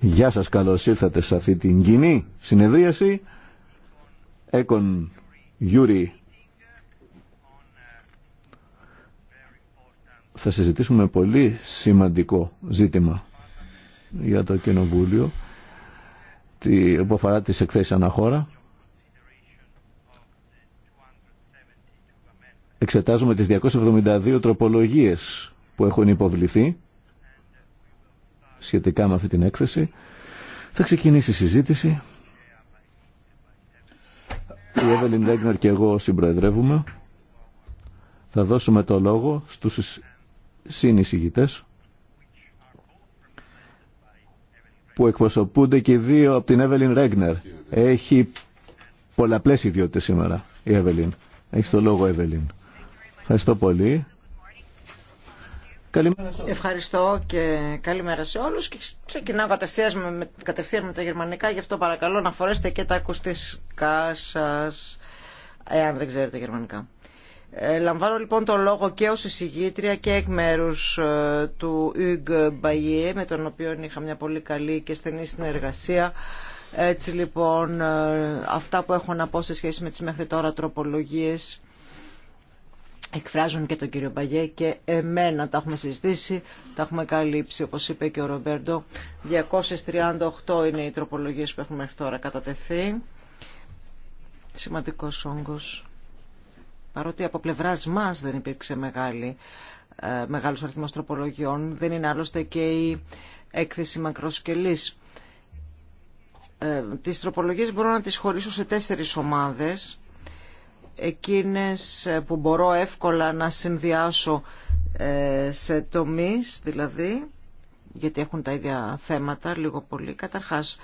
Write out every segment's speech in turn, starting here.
Γεια σας, καλώς ήρθατε σε αυτή την κοινή συνεδρίαση. Έκον Γιούρι. Θα συζητήσουμε πολύ σημαντικό ζήτημα για το Κοινοβούλιο που αφορά τις εκθέσεις αναχώρα εξετάζουμε τις 272 τροπολογίες που έχουν υποβληθεί σχετικά με αυτή την έκθεση. Θα ξεκινήσει η συζήτηση. Η Εύελιν Ρέγνερ και εγώ συμπροεδρεύουμε. Θα δώσουμε το λόγο στους συνεισηγητές που εκπροσωπούνται και δύο από την Εύελιν Ρέγνερ. Έχει πολλαπλές ιδιότητες σήμερα η Εύελιν. Έχει το λόγο Εύελιν. Ευχαριστώ πολύ. Καλημέρα σε Ευχαριστώ και καλημέρα σε όλους και ξεκινάω κατευθείαν με, κατευθείαν τα γερμανικά γι' αυτό παρακαλώ να φορέσετε και τα ακουστικά σας εάν δεν ξέρετε γερμανικά. Ε, λαμβάνω λοιπόν το λόγο και ως εισηγήτρια και εκ μέρους ε, του Hugues Μπαγιέ με τον οποίο είχα μια πολύ καλή και στενή συνεργασία. Έτσι λοιπόν ε, αυτά που έχω να πω σε σχέση με τις μέχρι τώρα τροπολογίες εκφράζουν και τον κύριο Μπαγιέ και εμένα τα έχουμε συζητήσει, τα έχουμε καλύψει όπως είπε και ο Ρομπέρντο. 238 είναι οι τροπολογίες που έχουμε μέχρι τώρα κατατεθεί. Σημαντικός όγκος. Παρότι από πλευράς μας δεν υπήρξε μεγάλη, ε, μεγάλος αριθμός τροπολογιών, δεν είναι άλλωστε και η έκθεση μακροσκελής. Ε, τις τροπολογίες μπορώ να τις χωρίσω σε τέσσερις ομάδες εκείνες που μπορώ εύκολα να συνδυάσω ε, σε τομείς, δηλαδή, γιατί έχουν τα ίδια θέματα λίγο πολύ. Καταρχάς,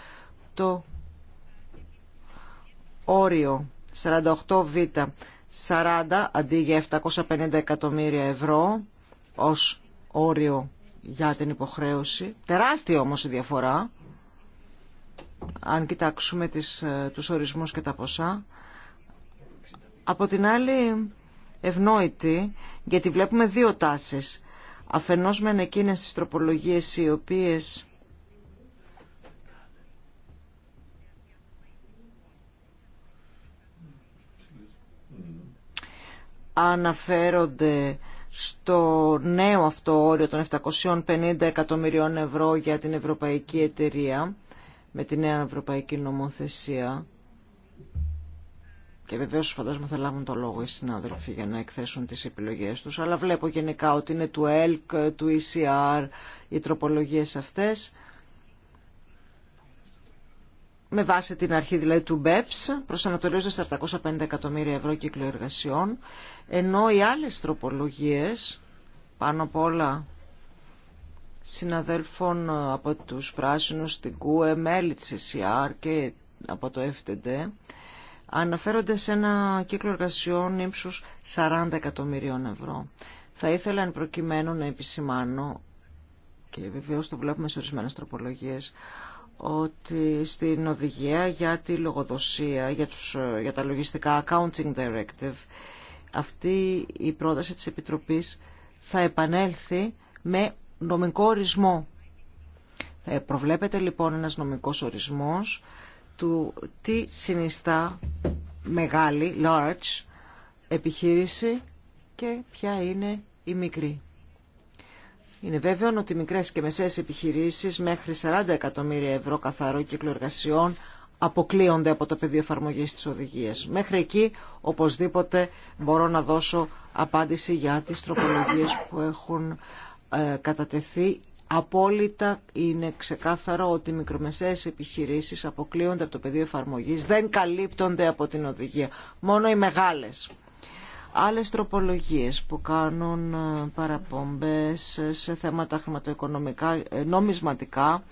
το όριο 48β 40 αντί για 750 εκατομμύρια ευρώ ως όριο για την υποχρέωση. Τεράστια όμως η διαφορά, αν κοιτάξουμε τις, ε, τους ορισμούς και τα ποσά από την άλλη ευνόητη γιατί βλέπουμε δύο τάσεις. Αφενός με εκείνες τις τροπολογίες οι οποίες αναφέρονται στο νέο αυτό όριο των 750 εκατομμυρίων ευρώ για την Ευρωπαϊκή Εταιρεία με την νέα Ευρωπαϊκή Νομοθεσία και βεβαίω φαντάζομαι θα λάβουν το λόγο οι συνάδελφοι για να εκθέσουν τι επιλογέ του. Αλλά βλέπω γενικά ότι είναι του ΕΛΚ, του ECR, οι τροπολογίε αυτέ. Με βάση την αρχή δηλαδή του BEPS, προσανατολίζονται στα 450 εκατομμύρια ευρώ κύκλο εργασιών, ενώ οι άλλες τροπολογίες, πάνω απ' όλα συναδέλφων από τους πράσινους, την ΚΟΕ, μέλη της ECR και από το FTD, αναφέρονται σε ένα κύκλο εργασιών ύψους 40 εκατομμυρίων ευρώ. Θα ήθελα αν προκειμένου να επισημάνω, και βεβαίως το βλέπουμε σε ορισμένες τροπολογίες, ότι στην οδηγία για τη λογοδοσία, για, τους, για τα λογιστικά accounting directive, αυτή η πρόταση της Επιτροπής θα επανέλθει με νομικό ορισμό. Θα ε, προβλέπεται λοιπόν ένας νομικός ορισμός του τι συνιστά μεγάλη, large, επιχείρηση και ποια είναι η μικρή. Είναι βέβαιο ότι μικρές και μεσαίες επιχειρήσεις μέχρι 40 εκατομμύρια ευρώ καθαρό κύκλο εργασιών αποκλείονται από το πεδίο εφαρμογή της οδηγίας. Μέχρι εκεί οπωσδήποτε μπορώ να δώσω απάντηση για τις τροπολογίες που έχουν ε, κατατεθεί Απόλυτα είναι ξεκάθαρο ότι οι μικρομεσαίες επιχειρήσεις αποκλείονται από το πεδίο εφαρμογής, δεν καλύπτονται από την οδηγία, μόνο οι μεγάλες. Άλλες τροπολογίες που κάνουν ε, παραπομπές σε θέματα χρηματοοικονομικά, ε, νομισματικά,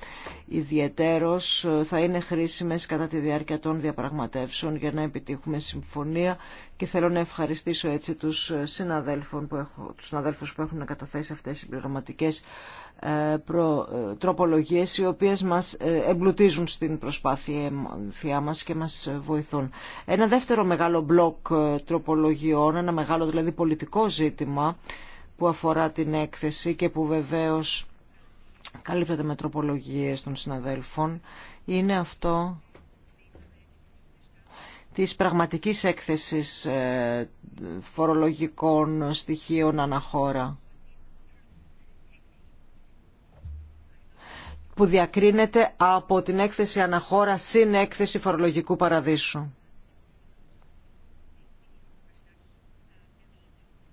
ιδιαιτέρως ε, θα είναι χρήσιμες κατά τη διάρκεια των διαπραγματεύσεων για να επιτύχουμε συμφωνία και θέλω να ευχαριστήσω έτσι τους συναδέλφους που έχουν, τους που έχουν καταθέσει αυτές οι πληρωματικές ε, προ, ε, τροπολογίες οι οποίες μας ε, εμπλουτίζουν στην προσπάθειά μας και μας βοηθούν. Ένα δεύτερο μεγάλο μπλοκ τροπολογιών, ένα μεγάλο δηλαδή πολιτικό ζήτημα που αφορά την έκθεση και που βεβαίως καλύπτεται με τροπολογίες των συναδέλφων, είναι αυτό της πραγματικής έκθεσης φορολογικών στοιχείων αναχώρα που διακρίνεται από την έκθεση αναχώρα συν έκθεση φορολογικού παραδείσου.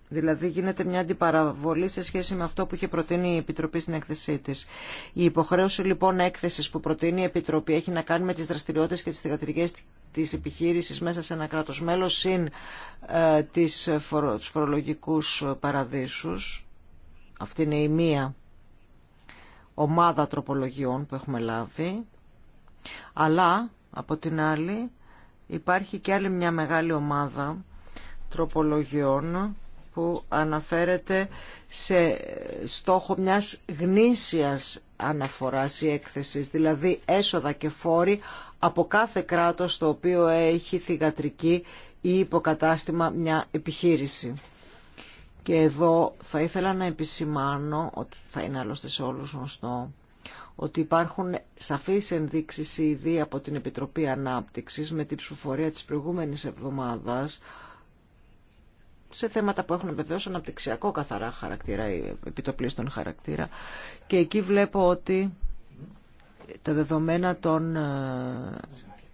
Δηλαδή γίνεται μια αντιπαραβολή σε σχέση με αυτό που είχε προτείνει η Επιτροπή στην έκθεσή της. Η υποχρέωση λοιπόν έκθεσης που προτείνει η Επιτροπή έχει να κάνει με τις δραστηριότητες και τις θηγατρικέ της επιχείρηση μέσα σε ένα κράτος μέλος συν ε, του φορολογικού παραδείσου. Αυτή είναι η μία ομάδα τροπολογιών που έχουμε λάβει, αλλά από την άλλη υπάρχει και άλλη μια μεγάλη ομάδα τροπολογιών που αναφέρεται σε στόχο μιας γνήσιας αναφοράς ή έκθεσης, δηλαδή έσοδα και φόροι από κάθε κράτος το οποίο έχει θυγατρική ή υποκατάστημα μια επιχείρηση. Και εδώ θα ήθελα να επισημάνω, ότι θα είναι άλλωστε σε όλους γνωστό, ότι υπάρχουν σαφείς ενδείξεις ήδη από την Επιτροπή Ανάπτυξης με την ψηφοφορία της προηγούμενης εβδομάδας σε θέματα που έχουν βεβαίω αναπτυξιακό καθαρά χαρακτήρα ή επιτοπλίστων χαρακτήρα. Και εκεί βλέπω ότι τα δεδομένα των ε,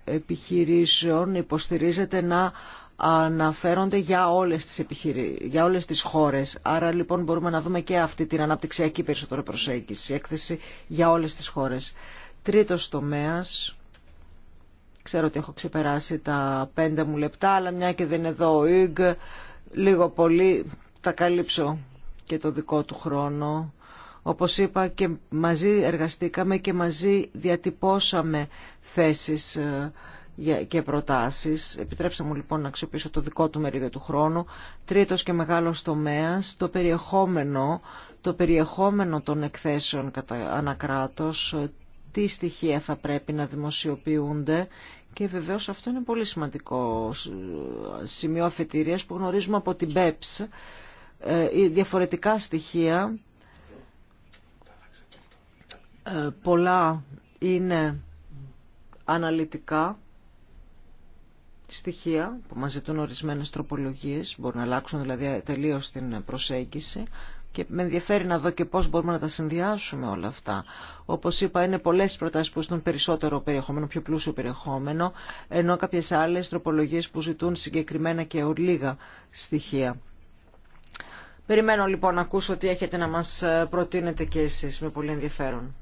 επιχειρήσεων υποστηρίζεται να αναφέρονται για όλες τις, επιχειρή... για όλες τις χώρες. Άρα λοιπόν μπορούμε να δούμε και αυτή την αναπτυξιακή περισσότερο προσέγγιση, έκθεση για όλες τις χώρες. Τρίτος τομέας, ξέρω ότι έχω ξεπεράσει τα πέντε μου λεπτά, αλλά μια και δεν είναι εδώ ο ΙΓ, λίγο πολύ θα καλύψω και το δικό του χρόνο. Όπως είπα και μαζί εργαστήκαμε και μαζί διατυπώσαμε θέσεις ε, και προτάσεις. Επιτρέψτε μου λοιπόν να αξιοποιήσω το δικό του μερίδιο του χρόνου. Τρίτος και μεγάλος τομέα, το περιεχόμενο, το περιεχόμενο των εκθέσεων κατά ανακράτος, τι στοιχεία θα πρέπει να δημοσιοποιούνται και βεβαίως αυτό είναι πολύ σημαντικό σημείο αφετηρίας που γνωρίζουμε από την BEPS. Ε ε, διαφορετικά στοιχεία, ε, πολλά είναι αναλυτικά στοιχεία που μας ζητούν ορισμένες τροπολογίες, μπορούν να αλλάξουν δηλαδή τελείως την προσέγγιση και με ενδιαφέρει να δω και πώς μπορούμε να τα συνδυάσουμε όλα αυτά. Όπως είπα, είναι πολλές προτάσεις που ζητούν περισσότερο περιεχόμενο, πιο πλούσιο περιεχόμενο, ενώ κάποιες άλλες τροπολογίες που ζητούν συγκεκριμένα και λίγα στοιχεία. Περιμένω λοιπόν να ακούσω τι έχετε να μας προτείνετε και εσείς με πολύ ενδιαφέρον.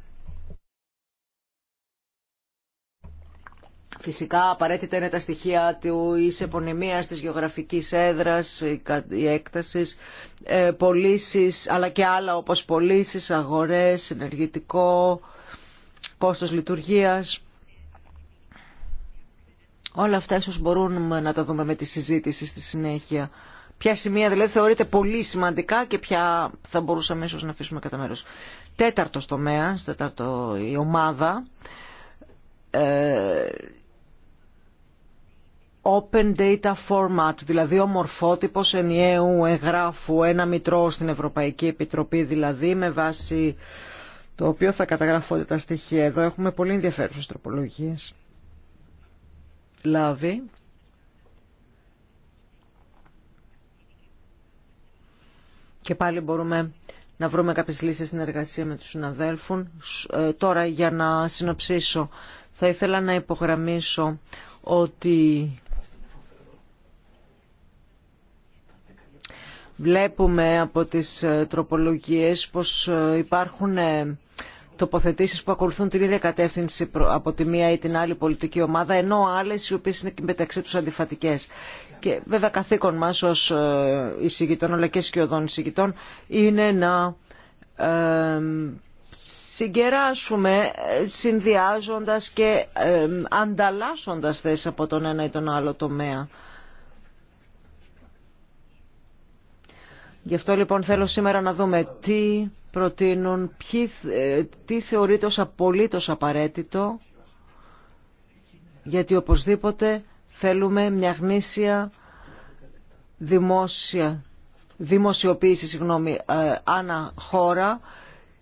Φυσικά απαραίτητα είναι τα στοιχεία της επωνυμίας, της γεωγραφικής έδρας, η έκτασης, ε, πωλήσει, αλλά και άλλα όπως πωλήσει, αγορές, ενεργητικό, κόστος λειτουργίας. Όλα αυτά ίσως μπορούμε να τα δούμε με τη συζήτηση στη συνέχεια. Ποια σημεία δηλαδή θεωρείται πολύ σημαντικά και ποια θα μπορούσαμε ίσως να αφήσουμε κατά μέρος. Τέταρτος τομέας, τέταρτο η ομάδα, ε, Open Data Format, δηλαδή ο μορφότυπος ενιαίου εγγράφου, ένα μητρό στην Ευρωπαϊκή Επιτροπή, δηλαδή με βάση το οποίο θα καταγραφόνται τα στοιχεία. Εδώ έχουμε πολύ ενδιαφέρουσες τροπολογίες. Λάβει. Δηλαδή, και πάλι μπορούμε να βρούμε κάποιες λύσεις συνεργασία με τους συναδέλφους. Ε, τώρα για να συνοψίσω, θα ήθελα να υπογραμμίσω ότι Βλέπουμε από τις ε, τροπολογίες πως ε, υπάρχουν ε, τοποθετήσεις που ακολουθούν την ίδια κατεύθυνση από τη μία ή την άλλη πολιτική ομάδα, ενώ άλλες οι οποίες είναι μεταξύ τους αντιφατικές. Και βέβαια καθήκον μας ως εισηγητών, αλλά και σκιωδών εισηγητών, είναι να συγκεράσουμε συνδυάζοντας και ανταλλάσσοντας θέσεις από τον ένα ή τον άλλο τομέα. Γι' αυτό λοιπόν θέλω σήμερα να δούμε τι προτείνουν, ε, τι θεωρείται ως απολύτως απαραίτητο, γιατί οπωσδήποτε θέλουμε μια γνήσια δημόσια, δημοσιοποίηση συγγνώμη, ε, ανά χώρα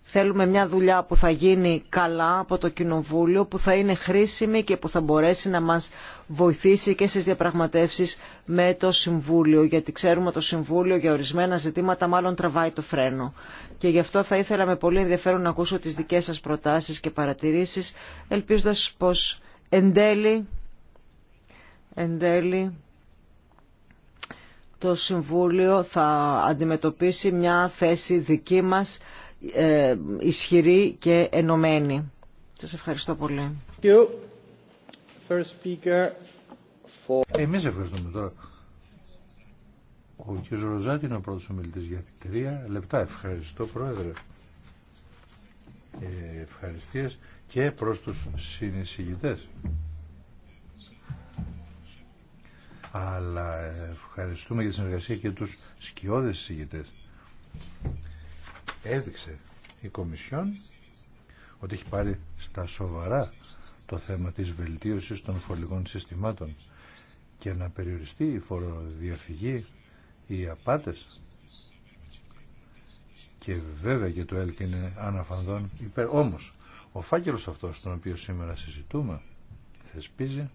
Θέλουμε μια δουλειά που θα γίνει καλά από το Κοινοβούλιο, που θα είναι χρήσιμη και που θα μπορέσει να μας βοηθήσει και στις διαπραγματεύσεις με το Συμβούλιο, γιατί ξέρουμε το Συμβούλιο για ορισμένα ζητήματα μάλλον τραβάει το φρένο. Και γι' αυτό θα ήθελα με πολύ ενδιαφέρον να ακούσω τις δικές σας προτάσεις και παρατηρήσεις, ελπίζοντας πως εν τέλει, εν τέλει το Συμβούλιο θα αντιμετωπίσει μια θέση δική μας, ε, ισχυρή και ενωμένη. Σας ευχαριστώ πολύ. Εμείς ευχαριστούμε τώρα. Ο κ. Ροζάτη είναι ο πρώτος ομιλητής για τρία λεπτά. Ευχαριστώ Πρόεδρε. Ε, και προς τους συνεισηγητές. Αλλά ευχαριστούμε για τη συνεργασία και τους σκιώδες συζητητές έδειξε η Κομισιόν ότι έχει πάρει στα σοβαρά το θέμα της βελτίωσης των φορολογικών συστημάτων και να περιοριστεί η φοροδιαφυγή, οι απάτες και βέβαια και το ΕΛΚ είναι αναφανδόν υπέρ. Όμως, ο φάκελος αυτός τον οποίο σήμερα συζητούμε θεσπίζει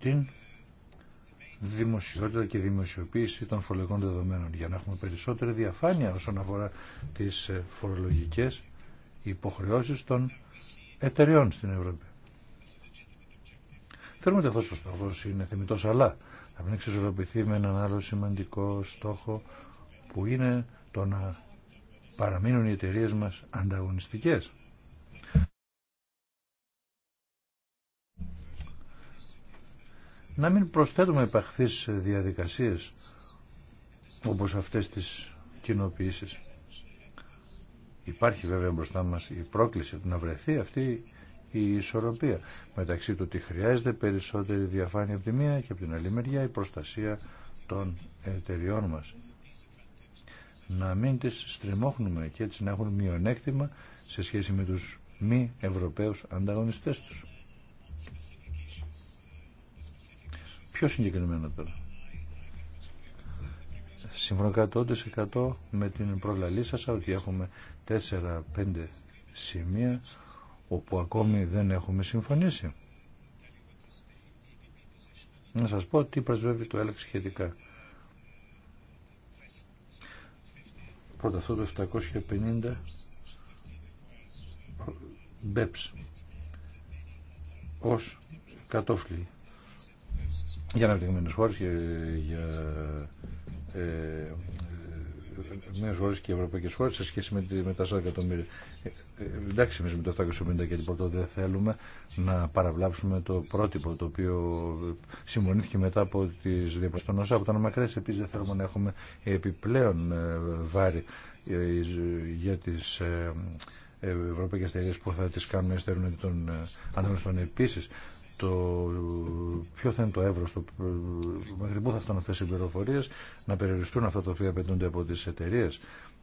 την δημοσιότητα και δημοσιοποίηση των φορολογικών δεδομένων για να έχουμε περισσότερη διαφάνεια όσον αφορά τις ε, φορολογικές υποχρεώσεις των εταιριών στην Ευρώπη. Θέλουμε ότι αυτός ο στόχος είναι θεμητός, αλλά θα μην εξισορροπηθεί με έναν άλλο σημαντικό στόχο που είναι το να παραμείνουν οι εταιρείε μας ανταγωνιστικές. να μην προσθέτουμε επαχθείς διαδικασίες όπως αυτές τις κοινοποιήσεις. Υπάρχει βέβαια μπροστά μας η πρόκληση να βρεθεί αυτή η ισορροπία μεταξύ του ότι χρειάζεται περισσότερη διαφάνεια από τη μία και από την άλλη μεριά η προστασία των εταιριών μας. Να μην τις στριμώχνουμε και έτσι να έχουν μειονέκτημα σε σχέση με τους μη Ευρωπαίους ανταγωνιστές τους. Πιο συγκεκριμένο τώρα. Συμφωνώ 100% με την προλαλή σας ότι έχουμε 4-5 σημεία όπου ακόμη δεν έχουμε συμφωνήσει. Να σας πω τι πρεσβεύει το έλεγχο σχετικά. Πρώτα αυτό το 750 BEPS ως κατόφλι για αναπτυγμένε χώρε και για αναπτυγμένε ε, χώρε και ευρωπαϊκέ χώρε σε σχέση με, με τα 4 εκατομμύρια. Ε, ε, εντάξει, εμεί με το 750 και τίποτα δεν θέλουμε να παραβλάψουμε το πρότυπο το οποίο συμφωνήθηκε μετά από τι διαπραγματεύσει των ΩΣΑ. Από τα Μακρέ, επίση δεν θέλουμε να έχουμε επιπλέον βάρη για τι ευρωπαϊκές εταιρείε που θα τις κάνουν να στερούν τον Επίση, το ποιο θα είναι το εύρος, το, μέχρι πού θα φτάνουν αυτές οι πληροφορίε να περιοριστούν αυτά τα οποία απαιτούνται από τις εταιρείε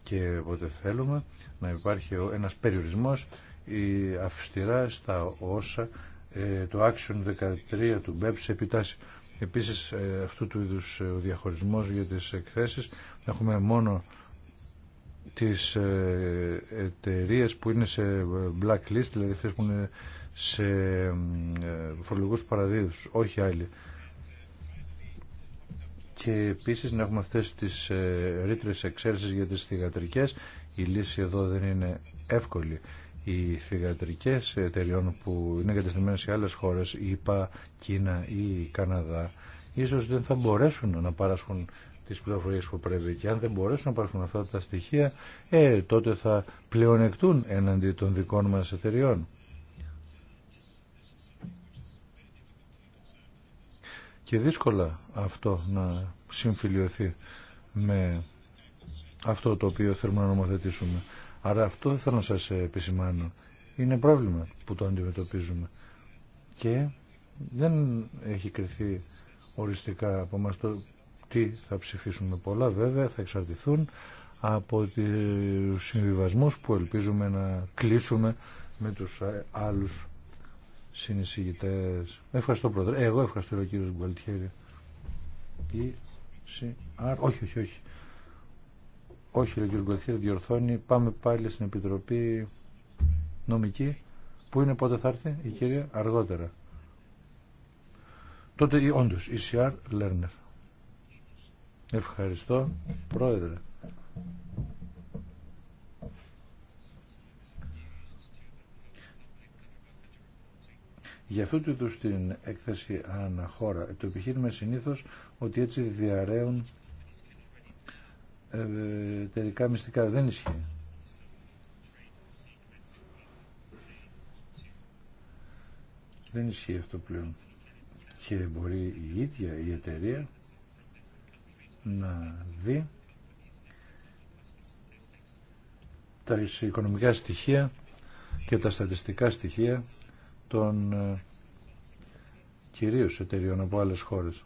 και οπότε θέλουμε να υπάρχει ένας περιορισμός η αυστηρά στα όσα ε, το Action 13 του BEPS ε επιτάσσει. Επίσης ε, αυτού του είδους ο διαχωρισμός για τις εκθέσεις έχουμε μόνο τις εταιρείε που είναι σε list δηλαδή αυτές που είναι σε ε, φορολογούς παραδείδους, όχι άλλοι. Και επίσης να έχουμε αυτές τις ε, ρήτρες εξαίρεσεις για τις θηγατρικές. Η λύση εδώ δεν είναι εύκολη. Οι θηγατρικές εταιριών που είναι εγκατεστημένε σε άλλες χώρες, ΙΠΑ, Κίνα ή Καναδά, ίσως δεν θα μπορέσουν να παράσχουν τις πληροφορίες που πρέπει και αν δεν μπορέσουν να παράσχουν αυτά τα στοιχεία ε, τότε θα πλεονεκτούν έναντι των δικών μας εταιριών. και δύσκολα αυτό να συμφιλειωθεί με αυτό το οποίο θέλουμε να νομοθετήσουμε. Άρα αυτό δεν θέλω να σας επισημάνω. Είναι πρόβλημα που το αντιμετωπίζουμε. Και δεν έχει κριθεί οριστικά από μας το τι θα ψηφίσουμε πολλά βέβαια, θα εξαρτηθούν από τους συμβιβασμούς που ελπίζουμε να κλείσουμε με τους άλλους συνεισηγητέ. Ευχαριστώ πρόεδρε. Εγώ ευχαριστώ ο κύριο Γκουαλτιέρη. Ή, συ, όχι, όχι, όχι. Όχι, ο κύριο Γκουαλτιέρη διορθώνει. Πάμε πάλι στην Επιτροπή Νομική. Πού είναι, πότε θα έρθει η κυρία, αργότερα. Τότε, όντως, ECR λέρνερ Ευχαριστώ, πρόεδρε. Για αυτού του είδους την έκθεση αναχώρα, το επιχείρημα συνήθως ότι έτσι διαραίουν εταιρικά μυστικά. Δεν ισχύει. Δεν ισχύει αυτό πλέον. Και μπορεί η ίδια η εταιρεία να δει τα οικονομικά στοιχεία και τα στατιστικά στοιχεία των ε, κυρίως εταιριών από άλλες χώρες.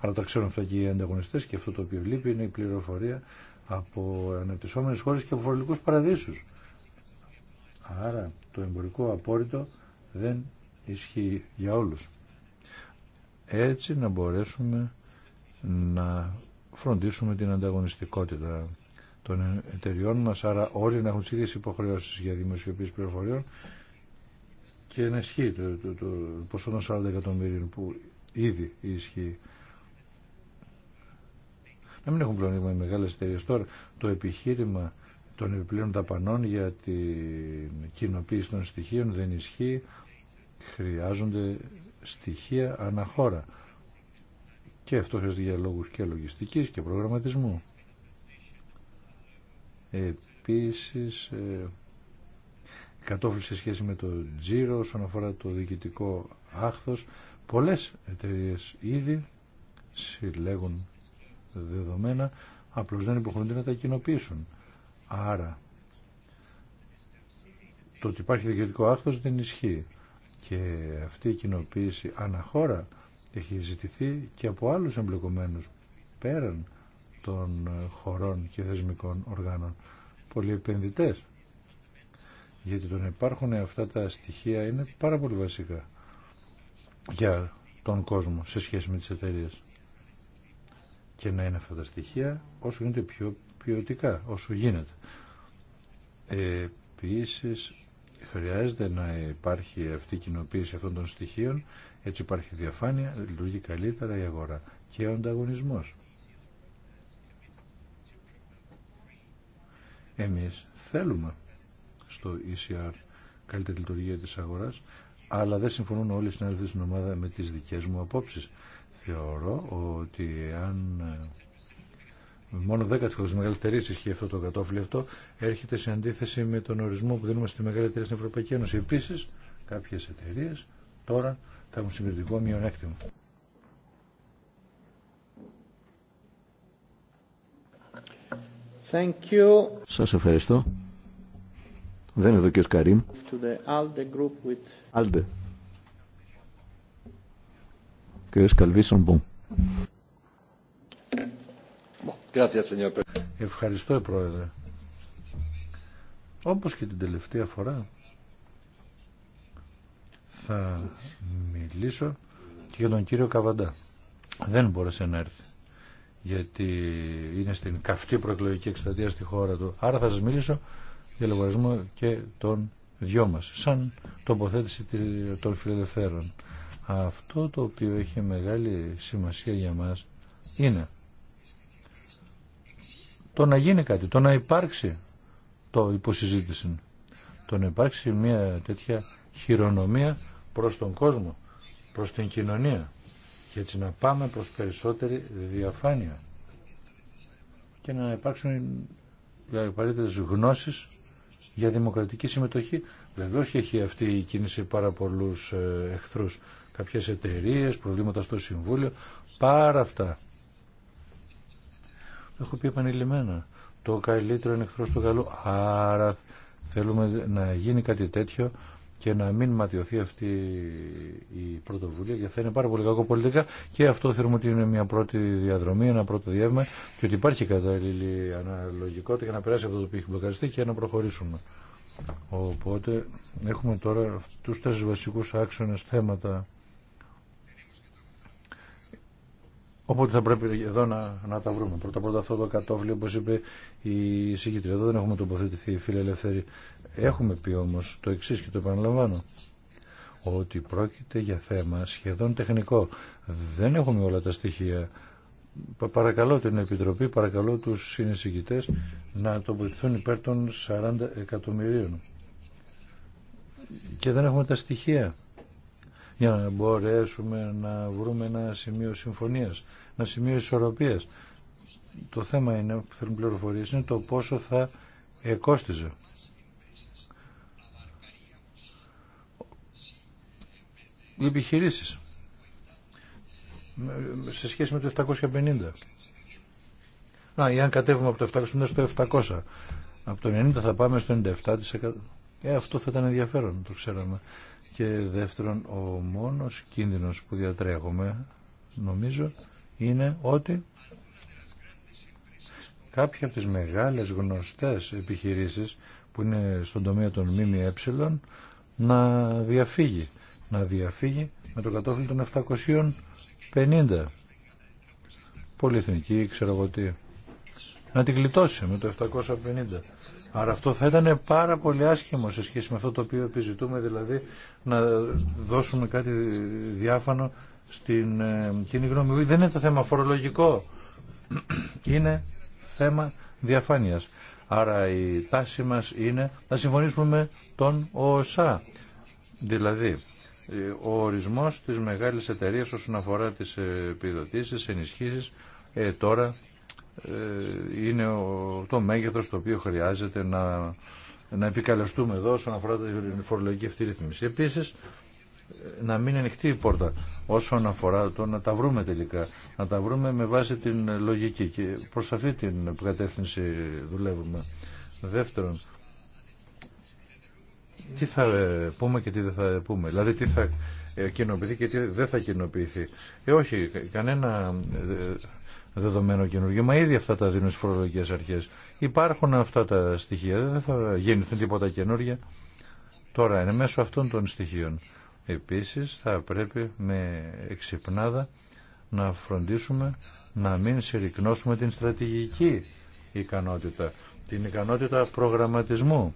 Αλλά τα ξέρουν αυτά και οι ανταγωνιστέ και αυτό το οποίο λείπει είναι η πληροφορία από αναπτυσσόμενες χώρες και από φορολογικούς παραδείσους. Άρα το εμπορικό απόρριτο δεν ισχύει για όλους. Έτσι να μπορέσουμε να φροντίσουμε την ανταγωνιστικότητα των εταιριών μας, άρα όλοι να έχουν τις ίδιες υποχρεώσεις για δημοσιοποίηση πληροφοριών και να ισχύει το, το, το ποσό των 40 εκατομμύριων που ήδη ισχύει. Να μην έχουν πλονίγμα οι μεγάλες εταιρείε τώρα. Το επιχείρημα των επιπλέον δαπανών για την κοινοποίηση των στοιχείων δεν ισχύει. Χρειάζονται στοιχεία αναχώρα. Και αυτό χρειάζεται για λόγους και λογιστικής και προγραμματισμού. Επίσης, ε, κατόφλη σε σχέση με το τζίρο όσον αφορά το διοικητικό άχθος. Πολλές εταιρείε ήδη συλλέγουν δεδομένα, απλώς δεν υποχρεούνται να τα κοινοποιήσουν. Άρα, το ότι υπάρχει διοικητικό άχθος δεν ισχύει. Και αυτή η κοινοποίηση αναχώρα έχει ζητηθεί και από άλλους εμπλεκομένους πέραν των ε, χωρών και θεσμικών οργάνων. Πολλοί επενδυτέ. Γιατί τον υπάρχουν αυτά τα στοιχεία είναι πάρα πολύ βασικά για τον κόσμο σε σχέση με τις εταιρείε. Και να είναι αυτά τα στοιχεία όσο γίνεται πιο ποιοτικά, όσο γίνεται. επίσης Επίση, χρειάζεται να υπάρχει αυτή η κοινοποίηση αυτών των στοιχείων, έτσι υπάρχει διαφάνεια, λειτουργεί καλύτερα η αγορά και ο ανταγωνισμός. Εμείς θέλουμε στο ECR καλύτερη λειτουργία της αγοράς, αλλά δεν συμφωνούν όλοι οι συνάδελφοι στην ομάδα με τις δικές μου απόψεις. Θεωρώ ότι αν ε, μόνο 10% της μεγάλης εταιρείας ισχύει αυτό το κατόφλι αυτό, έρχεται σε αντίθεση με τον ορισμό που δίνουμε στη μεγάλη εταιρεία στην Ευρωπαϊκή Ένωση. Επίσης, κάποιες εταιρείε τώρα θα έχουν συμπληρωτικό μειονέκτημα. Thank Σας ευχαριστώ. Δεν είναι εδώ και ο Σκαρίμ. Ευχαριστώ, Πρόεδρε. Όπως και την τελευταία φορά θα μιλήσω και για τον κύριο Καβαντά. Δεν μπόρεσε να έρθει γιατί είναι στην καυτή προεκλογική εκστρατεία στη χώρα του. Άρα θα σας μιλήσω για λογαριασμό και των δυο μας, σαν τοποθέτηση των φιλελευθέρων. Αυτό το οποίο έχει μεγάλη σημασία για μας είναι το να γίνει κάτι, το να υπάρξει το υποσυζήτηση, το να υπάρξει μια τέτοια χειρονομία προς τον κόσμο, προς την κοινωνία και έτσι να πάμε προς περισσότερη διαφάνεια και να υπάρξουν οι απαραίτητες γνώσεις για δημοκρατική συμμετοχή. Βεβαίω και έχει αυτή η κίνηση πάρα πολλούς ε, εχθρούς κάποιες εταιρείε, προβλήματα στο Συμβούλιο, πάρα αυτά. Το έχω πει επανειλημμένα. Το καλύτερο είναι εχθρό του καλού. Άρα θέλουμε να γίνει κάτι τέτοιο και να μην ματιωθεί αυτή η πρωτοβουλία γιατί θα είναι πάρα πολύ κακό πολιτικά και αυτό θεωρούμε ότι είναι μια πρώτη διαδρομή, ένα πρώτο διεύμα και ότι υπάρχει κατάλληλη αναλογικότητα για να περάσει αυτό το οποίο έχει μπλοκαριστεί και να προχωρήσουμε. Οπότε έχουμε τώρα αυτούς τέσσερις βασικούς άξονες θέματα Οπότε θα πρέπει εδώ να, να τα βρούμε. Πρώτα πρώτα αυτό το κατόφλι, όπω είπε η συγκεκριτή. Εδώ δεν έχουμε τοποθετηθεί, φίλε Ελεύθερη. Έχουμε πει όμως το εξής και το επαναλαμβάνω ότι πρόκειται για θέμα σχεδόν τεχνικό. Δεν έχουμε όλα τα στοιχεία. Παρακαλώ την Επιτροπή, παρακαλώ τους συνεισηγητές να τοποθετηθούν υπέρ των 40 εκατομμυρίων. Και δεν έχουμε τα στοιχεία για να μπορέσουμε να βρούμε ένα σημείο συμφωνίας, ένα σημείο ισορροπίας. Το θέμα είναι, που θέλουν πληροφορίε είναι το πόσο θα εκόστιζε. οι επιχειρήσεις σε σχέση με το 750. Να, ή αν κατέβουμε από το 750 στο 700. Από το 90 θα πάμε στο 97%. Ε, αυτό θα ήταν ενδιαφέρον, το ξέραμε. Και δεύτερον, ο μόνος κίνδυνος που διατρέχουμε, νομίζω, είναι ότι κάποια από τις μεγάλες γνωστές επιχειρήσεις που είναι στον τομέα των ΜΜΕ να διαφύγει να διαφύγει με το κατόφλι των 750. Πολυεθνική, ξέρω εγώ τι. Να την κλιτώσει με το 750. Άρα αυτό θα ήταν πάρα πολύ άσχημο σε σχέση με αυτό το οποίο επιζητούμε, δηλαδή να δώσουμε κάτι διάφανο στην ε, κοινή γνώμη. Δεν είναι το θέμα φορολογικό. Είναι θέμα διαφάνειας. Άρα η τάση μας είναι να συμφωνήσουμε με τον ΟΣΑ. Δηλαδή ε, ο ορισμός της μεγάλης εταιρείας όσον αφορά τις επιδοτήσεις, ενισχύσεις, ε, τώρα ε, είναι το μέγεθος το οποίο χρειάζεται να, να επικαλεστούμε εδώ όσον αφορά τη φορολογική αυτή Επίσης, ε, να μην ανοιχτεί η πόρτα όσον αφορά το να τα βρούμε τελικά, να τα βρούμε με βάση την λογική και προς αυτή την κατεύθυνση δουλεύουμε. Δεύτερον, τι θα ε, πούμε και τι δεν θα πούμε. Δηλαδή τι θα ε, κοινοποιηθεί και τι δεν θα κοινοποιηθεί. Ε, όχι, κανένα ε, δεδομένο καινούργιο. Μα ήδη αυτά τα δίνουν στις φορολογικέ αρχέ. Υπάρχουν αυτά τα στοιχεία. Δεν θα γίνουν τίποτα καινούργια. Τώρα είναι μέσω αυτών των στοιχείων. Επίσης θα πρέπει με εξυπνάδα να φροντίσουμε να μην συρρυκνώσουμε την στρατηγική ικανότητα, την ικανότητα προγραμματισμού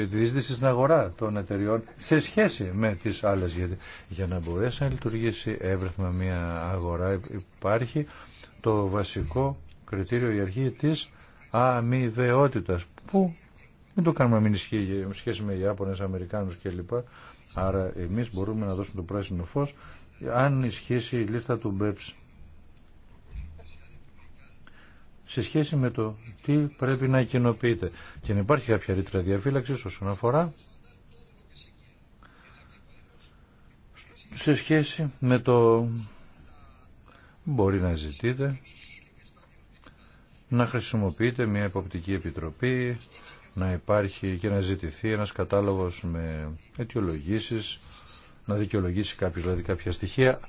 διείσδυση στην αγορά των εταιριών σε σχέση με τις άλλες. για να μπορέσει να λειτουργήσει εύρεθμα μια αγορά υπάρχει το βασικό κριτήριο, η αρχή της αμοιβαιότητα. που μην το κάνουμε μην ισχύει σχέση με Ιάπωνες, Αμερικάνους κλπ. Άρα εμείς μπορούμε να δώσουμε το πράσινο φω αν ισχύσει η λίστα του BEPS σε σχέση με το τι πρέπει να κοινοποιείται. Και να υπάρχει κάποια ρήτρα διαφύλαξη όσον αφορά σε σχέση με το μπορεί να ζητείτε να χρησιμοποιείτε μια υποπτική επιτροπή, να υπάρχει και να ζητηθεί ένας κατάλογος με αιτιολογήσεις, να δικαιολογήσει κάποιος δηλαδή κάποια στοιχεία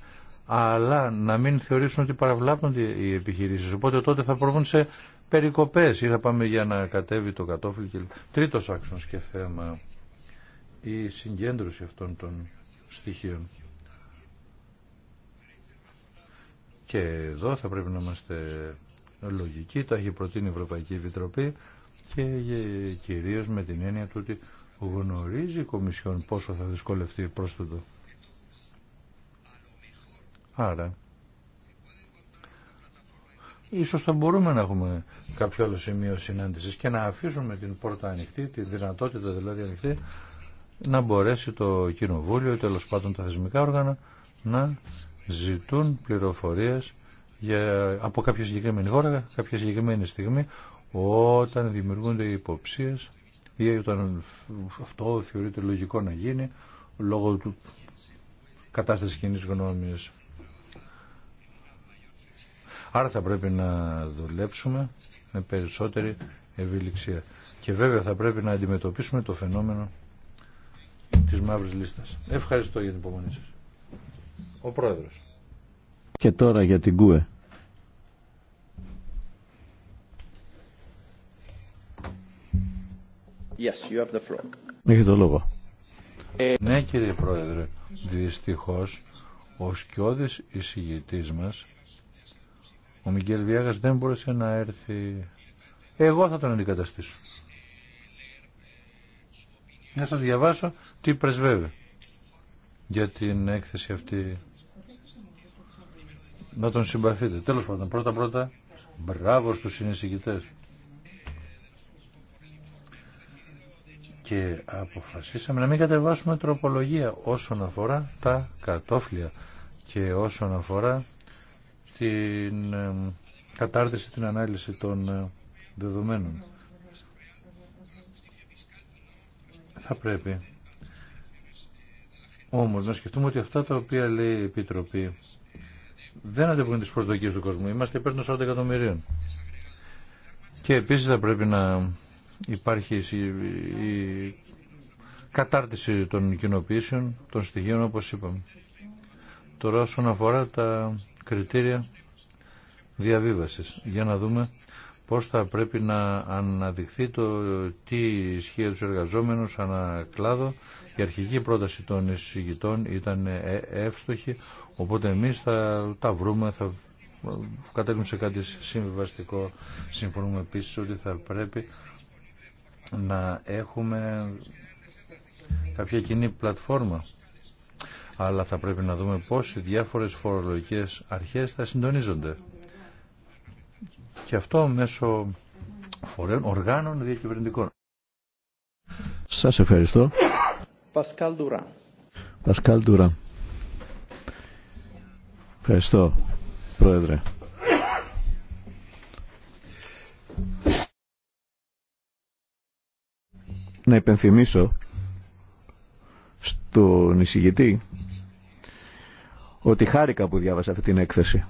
αλλά να μην θεωρήσουν ότι παραβλάπτονται οι επιχειρήσει. Οπότε τότε θα προβούν σε περικοπές ή θα πάμε για να κατέβει το κατόφλι. Τρίτο Τρίτος και θέμα, η συγκέντρωση αυτών των στοιχείων. Και εδώ θα πρέπει να είμαστε λογικοί, τα έχει προτείνει η Ευρωπαϊκή Επιτροπή και κυρίως με την έννοια του ότι γνωρίζει η Κομισιόν πόσο θα δυσκολευτεί πρόσθετο. Άρα, ίσως θα μπορούμε να έχουμε κάποιο άλλο σημείο συνάντησης και να αφήσουμε την πόρτα ανοιχτή, τη δυνατότητα δηλαδή ανοιχτή, να μπορέσει το Κοινοβούλιο, ή τέλο πάντων τα θεσμικά όργανα, να ζητούν πληροφορίες για, από κάποια συγκεκριμένη χώρα, κάποια συγκεκριμένη στιγμή, όταν δημιουργούνται υποψίες ή όταν αυτό θεωρείται λογικό να γίνει λόγω του κατάστασης κοινή γνώμης. Άρα θα πρέπει να δουλέψουμε με περισσότερη ευηλιξία. Και βέβαια θα πρέπει να αντιμετωπίσουμε το φαινόμενο της μαύρης λίστας. Ευχαριστώ για την υπομονή σας. Ο Πρόεδρος. Και τώρα για την ΚΟΕ. Yes, you have the floor. Έχει το λόγο. Ναι κύριε Πρόεδρε, δυστυχώς ο σκιώδης εισηγητής μας ο Μιγγέλ Βιάγας δεν μπόρεσε να έρθει. Εγώ θα τον αντικαταστήσω. Να σας διαβάσω τι πρεσβεύει για την έκθεση αυτή. Να τον συμπαθείτε. Τέλος πάντων, πρώτα-πρώτα, μπράβο στους συνεισηγητές. και αποφασίσαμε να μην κατεβάσουμε τροπολογία όσον αφορά τα κατόφλια και όσον αφορά την ε, κατάρτιση, την ανάλυση των ε, δεδομένων. Θα πρέπει όμως να σκεφτούμε ότι αυτά τα οποία λέει η Επιτροπή δεν αντεπούν τις προσδοκίες του κόσμου. Είμαστε υπέρ των 40 εκατομμυρίων. Και επίσης θα πρέπει να υπάρχει η κατάρτιση των κοινοποίησεων, των στοιχείων όπως είπαμε. Τώρα όσον αφορά τα κριτήρια διαβίβασης για να δούμε πώς θα πρέπει να αναδειχθεί το τι ισχύει τους εργαζόμενους ανά κλάδο. Η αρχική πρόταση των εισηγητών ήταν ε, εύστοχη, οπότε εμείς θα τα βρούμε, θα κατέληγουμε σε κάτι συμβιβαστικό. Συμφωνούμε επίσης ότι θα πρέπει να έχουμε κάποια κοινή πλατφόρμα αλλά θα πρέπει να δούμε πώς οι διάφορες φορολογικές αρχές θα συντονίζονται. Και αυτό μέσω φορέων, οργάνων διακυβερνητικών. Σας ευχαριστώ. Πασκάλ Ντουρά. Πασκάλ Ντουρά. Ευχαριστώ, Πρόεδρε. Να υπενθυμίσω στον εισηγητή ότι χάρηκα που διάβασα αυτή την έκθεση.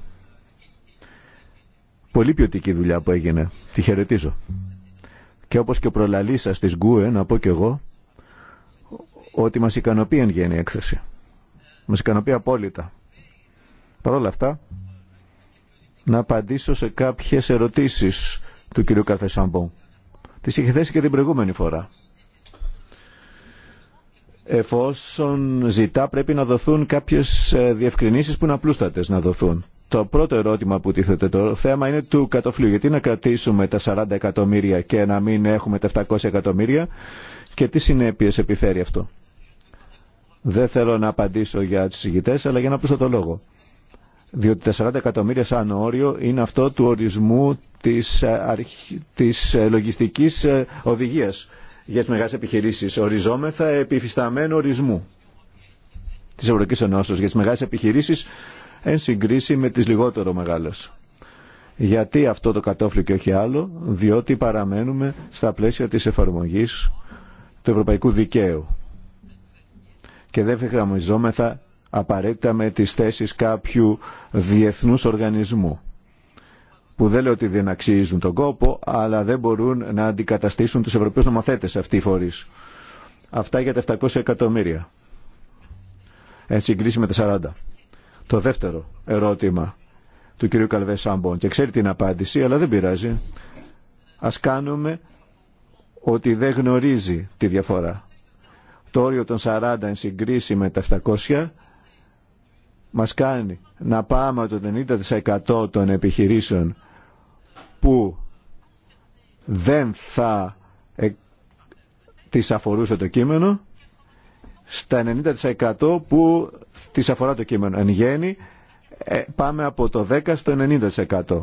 Πολύ ποιοτική δουλειά που έγινε. Τη χαιρετίζω. Και όπως και ο προλαλής σας της Γκουε, να πω και εγώ, ότι μας ικανοποιεί εν γέννη η έκθεση. Μας ικανοποιεί απόλυτα. Παρ' όλα αυτά, να απαντήσω σε κάποιες ερωτήσεις του κ. Καθεσαμπό. Τις είχε θέσει και την προηγούμενη φορά εφόσον ζητά πρέπει να δοθούν κάποιες ε, διευκρινήσεις που είναι απλούστατες να δοθούν. Το πρώτο ερώτημα που τίθεται το θέμα είναι του κατοφλίου. Γιατί να κρατήσουμε τα 40 εκατομμύρια και να μην έχουμε τα 700 εκατομμύρια και τι συνέπειες επιφέρει αυτό. Δεν θέλω να απαντήσω για τους ηγητές, αλλά για να πούσω το λόγο. Διότι τα 40 εκατομμύρια σαν όριο είναι αυτό του ορισμού της, ε, αρχ... της ε, λογιστικής οδηγίας για τις μεγάλες επιχειρήσεις οριζόμεθα επιφυσταμένου ορισμού της Ευρωπαϊκής Ενώσεως για τις μεγάλες επιχειρήσεις εν συγκρίση με τις λιγότερο μεγάλες. Γιατί αυτό το κατόφλι και όχι άλλο, διότι παραμένουμε στα πλαίσια της εφαρμογής του ευρωπαϊκού δικαίου και δεν φεγραμμιζόμεθα απαραίτητα με τις θέσεις κάποιου διεθνούς οργανισμού που δεν λέω ότι δεν αξίζουν τον κόπο, αλλά δεν μπορούν να αντικαταστήσουν τους Ευρωπαίους νομοθέτες αυτοί οι φορείς. Αυτά για τα 700 εκατομμύρια. Εν συγκρίση με τα 40. Το δεύτερο ερώτημα του κυρίου Καλβέ Σάμπον και ξέρει την απάντηση, αλλά δεν πειράζει. Ας κάνουμε ότι δεν γνωρίζει τη διαφορά. Το όριο των 40 εν συγκρίση με τα 700 μας κάνει να πάμε το 90% των επιχειρήσεων που δεν θα ε, τις αφορούσε το κείμενο στα 90% που τις αφορά το κείμενο. Εν γέννη ε, πάμε από το 10% στο 90%.